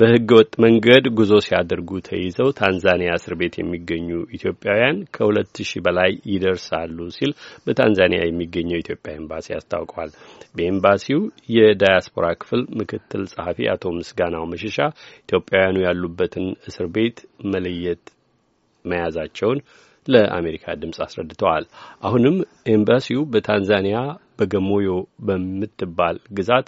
በህገ ወጥ መንገድ ጉዞ ሲያደርጉ ተይዘው ታንዛኒያ እስር ቤት የሚገኙ ኢትዮጵያውያን ከሁለት ሺህ በላይ ይደርሳሉ ሲል በታንዛኒያ የሚገኘው ኢትዮጵያ ኤምባሲ አስታውቋል። በኤምባሲው የዳያስፖራ ክፍል ምክትል ጸሐፊ አቶ ምስጋናው መሸሻ ኢትዮጵያውያኑ ያሉበትን እስር ቤት መለየት መያዛቸውን ለአሜሪካ ድምፅ አስረድተዋል። አሁንም ኤምባሲው በታንዛኒያ በገሞዮ በምትባል ግዛት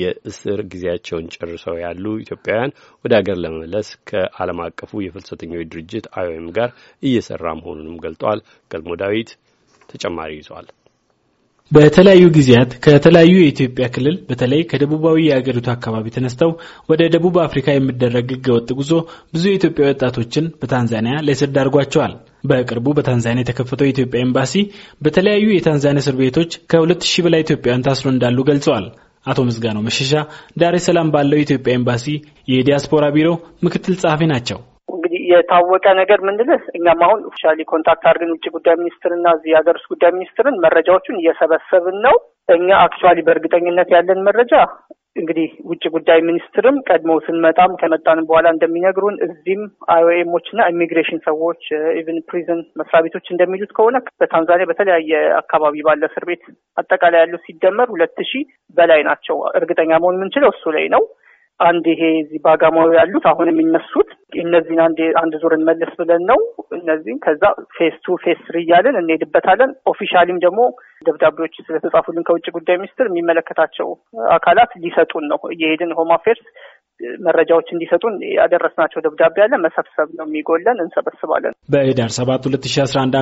የእስር ጊዜያቸውን ጨርሰው ያሉ ኢትዮጵያውያን ወደ ሀገር ለመመለስ ከዓለም አቀፉ የፍልሰተኞች ድርጅት አይኦኤም ጋር እየሰራ መሆኑንም ገልጠዋል። ገልሞ ዳዊት ተጨማሪ ይዟል። በተለያዩ ጊዜያት ከተለያዩ የኢትዮጵያ ክልል በተለይ ከደቡባዊ የአገሪቱ አካባቢ ተነስተው ወደ ደቡብ አፍሪካ የሚደረግ ህገወጥ ጉዞ ብዙ የኢትዮጵያ ወጣቶችን በታንዛኒያ ለእስር ዳርጓቸዋል። በቅርቡ በታንዛኒያ የተከፈተው የኢትዮጵያ ኤምባሲ በተለያዩ የታንዛኒያ እስር ቤቶች ከሁለት ሺህ በላይ ኢትዮጵያውያን ታስሮ እንዳሉ ገልጸዋል። አቶ ምዝጋናው መሸሻ ዳሬ ሰላም ባለው የኢትዮጵያ ኤምባሲ የዲያስፖራ ቢሮ ምክትል ጸሐፊ ናቸው። እንግዲህ የታወቀ ነገር ምንድነው? እኛም አሁን ኦፊሻሊ ኮንታክት አድርገን ውጭ ጉዳይ ሚኒስትርና እዚህ የሀገር ውስጥ ጉዳይ ሚኒስትርን መረጃዎቹን እየሰበሰብን ነው። እኛ አክቹዋሊ በእርግጠኝነት ያለን መረጃ እንግዲህ ውጭ ጉዳይ ሚኒስትርም ቀድሞ ስንመጣም ከመጣን በኋላ እንደሚነግሩን እዚህም አይኦኤሞች እና ኢሚግሬሽን ሰዎች ኢቨን ፕሪዝን መስሪያ ቤቶች እንደሚሉት ከሆነ በታንዛኒያ በተለያየ አካባቢ ባለ እስር ቤት አጠቃላይ ያሉ ሲደመር ሁለት ሺህ በላይ ናቸው። እርግጠኛ መሆን የምንችለው እሱ ላይ ነው። አንድ ይሄ እዚህ ባጋማው ያሉት አሁን የሚነሱት እነዚህን አንድ ዙር እንመልስ ብለን ነው እነዚህን ከዛ ፌስ ቱ ፌስ ስሪ እያለን እንሄድበታለን። ኦፊሻሊም ደግሞ ደብዳቤዎች ስለተጻፉልን ከውጭ ጉዳይ ሚኒስትር የሚመለከታቸው አካላት ሊሰጡን ነው እየሄድን ሆም አፌርስ መረጃዎች እንዲሰጡን ያደረስናቸው ደብዳቤ አለ። መሰብሰብ ነው የሚጎለን፣ እንሰበስባለን። በህዳር ሰባት ሁለት ሺ አስራ አንድ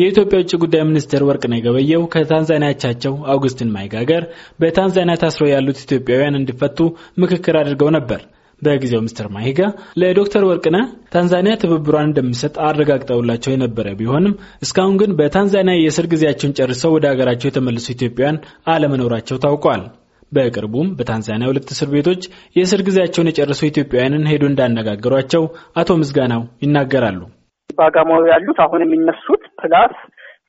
የኢትዮጵያ ውጭ ጉዳይ ሚኒስትር ወርቅነህ ገበየሁ ከታንዛኒያ አቻቸው አውግስቲን ማይጋገር በታንዛኒያ ታስረው ያሉት ኢትዮጵያውያን እንዲፈቱ ምክክር አድርገው ነበር። በጊዜው ሚስተር ማሂጋ ለዶክተር ወርቅነ ታንዛኒያ ትብብሯን እንደሚሰጥ አረጋግጠውላቸው የነበረ ቢሆንም እስካሁን ግን በታንዛኒያ የእስር ጊዜያቸውን ጨርሰው ወደ ሀገራቸው የተመለሱ ኢትዮጵያውያን አለመኖራቸው ታውቋል። በቅርቡም በታንዛኒያ ሁለት እስር ቤቶች የእስር ጊዜያቸውን የጨረሱ ኢትዮጵያውያንን ሄዶ እንዳነጋገሯቸው አቶ ምዝጋናው ይናገራሉ። በአጋማዊ ያሉት አሁን የሚነሱት ፕላስ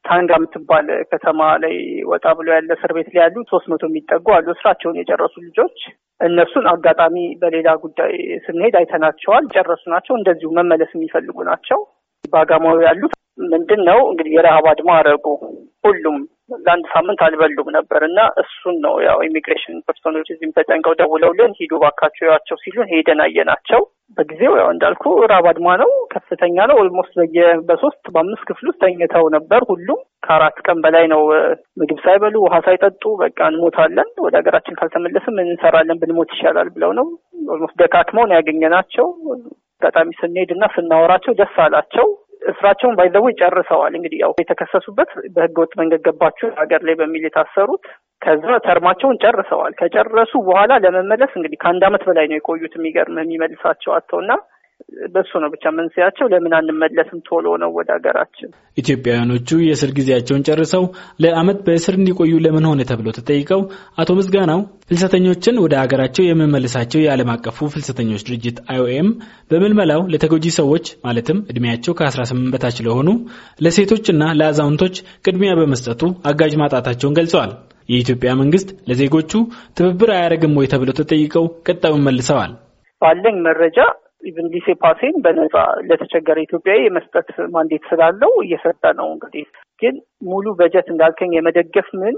ታንጋ የምትባል ከተማ ላይ ወጣ ብሎ ያለ እስር ቤት ላይ ያሉ ሶስት መቶ የሚጠጉ አሉ። ስራቸውን የጨረሱ ልጆች እነሱን አጋጣሚ በሌላ ጉዳይ ስንሄድ አይተናቸዋል። ጨረሱ ናቸው። እንደዚሁ መመለስ የሚፈልጉ ናቸው። በአጋማዊ ያሉት ምንድን ነው እንግዲህ የረሃብ አድማ አረጉ ሁሉም ለአንድ ሳምንት አልበሉም ነበር እና እሱን ነው ያው ኢሚግሬሽን ፐርሶኖች እዚህም ተጨንቀው ደውለውልን ሂዱ ባካቸው ያቸው ሲሉን ሄደን አየናቸው። በጊዜው ያው እንዳልኩ ራብ አድማ ነው፣ ከፍተኛ ነው። ኦልሞስት በየ በሶስት በአምስት ክፍል ውስጥ ተኝተው ነበር። ሁሉም ከአራት ቀን በላይ ነው ምግብ ሳይበሉ ውሃ ሳይጠጡ፣ በቃ እንሞታለን፣ ወደ ሀገራችን ካልተመለስም እንሰራለን፣ ብንሞት ይሻላል ብለው ነው ኦልሞስት ደካክመው ነው ያገኘናቸው። አጋጣሚ ስንሄድ እና ስናወራቸው ደስ አላቸው። እስራቸውን ባይዘው ጨርሰዋል። እንግዲህ ያው የተከሰሱበት በህገወጥ መንገድ ገባችሁ ሀገር ላይ በሚል የታሰሩት ከዛ ተርማቸውን ጨርሰዋል። ከጨረሱ በኋላ ለመመለስ እንግዲህ ከአንድ አመት በላይ ነው የቆዩት። የሚገርም የሚመልሳቸው አጥተውና በሱ ነው ብቻ መንስያቸው። ለምን አንመለስም ቶሎ ነው ወደ ሀገራችን? ኢትዮጵያውያኖቹ የእስር ጊዜያቸውን ጨርሰው ለዓመት በእስር እንዲቆዩ ለምን ሆነ ተብሎ ተጠይቀው አቶ ምስጋናው ፍልሰተኞችን ወደ ሀገራቸው የምመልሳቸው የዓለም አቀፉ ፍልሰተኞች ድርጅት አይኦኤም በምልመላው ለተጎጂ ሰዎች ማለትም እድሜያቸው ከ18 በታች ለሆኑ ለሴቶችና ለአዛውንቶች ቅድሚያ በመስጠቱ አጋዥ ማጣታቸውን ገልጸዋል። የኢትዮጵያ መንግስት ለዜጎቹ ትብብር አያደርግም ወይ ተብለው ተጠይቀው ቀጣዩን መልሰዋል። ባለኝ መረጃ ኢቨን ሊሴ ፓሴን በነጻ ለተቸገረ ኢትዮጵያዊ የመስጠት ማንዴት ስላለው እየሰጠ ነው። እንግዲህ ግን ሙሉ በጀት እንዳልከኝ የመደገፍ ምን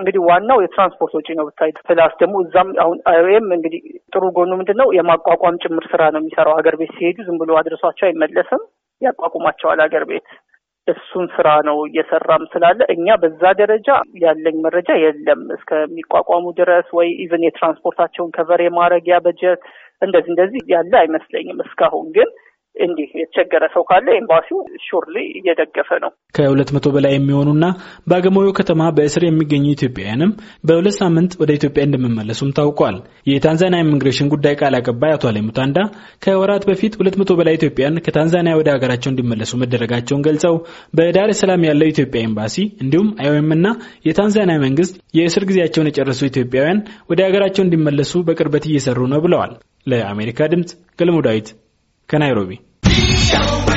እንግዲህ ዋናው የትራንስፖርት ወጪ ነው ብታይ፣ ፕላስ ደግሞ እዛም አሁን አይኤም እንግዲህ ጥሩ ጎኑ ምንድን ነው የማቋቋም ጭምር ስራ ነው የሚሰራው። ሀገር ቤት ሲሄዱ ዝም ብሎ አድረሷቸው አይመለስም፣ ያቋቁማቸዋል ሀገር ቤት እሱን ስራ ነው እየሰራም ስላለ እኛ በዛ ደረጃ ያለኝ መረጃ የለም። እስከሚቋቋሙ ድረስ ወይ ኢቨን የትራንስፖርታቸውን ከቨር የማድረጊያ በጀት እንደዚህ እንደዚህ ያለ አይመስለኝም እስካሁን ግን እንዲህ የተቸገረ ሰው ካለ ኤምባሲው ሹርሊ እየደገፈ ነው። ከሁለት መቶ በላይ የሚሆኑና በአገሞዮ ከተማ በእስር የሚገኙ ኢትዮጵያውያንም በሁለት ሳምንት ወደ ኢትዮጵያ እንደሚመለሱም ታውቋል። የታንዛኒያ ኢሚግሬሽን ጉዳይ ቃል አቀባይ አቶ አሌ ሙታንዳ ከወራት በፊት ሁለት መቶ በላይ ኢትዮጵያን ከታንዛኒያ ወደ ሀገራቸው እንዲመለሱ መደረጋቸውን ገልጸው በዳር ሰላም ያለው ኢትዮጵያ ኤምባሲ እንዲሁም አይኦኤም እና የታንዛኒያ መንግስት የእስር ጊዜያቸውን የጨረሱ ኢትዮጵያውያን ወደ ሀገራቸው እንዲመለሱ በቅርበት እየሰሩ ነው ብለዋል። ለአሜሪካ ድምፅ ገልሞ ዳዊት ከናይሮቢ Oh.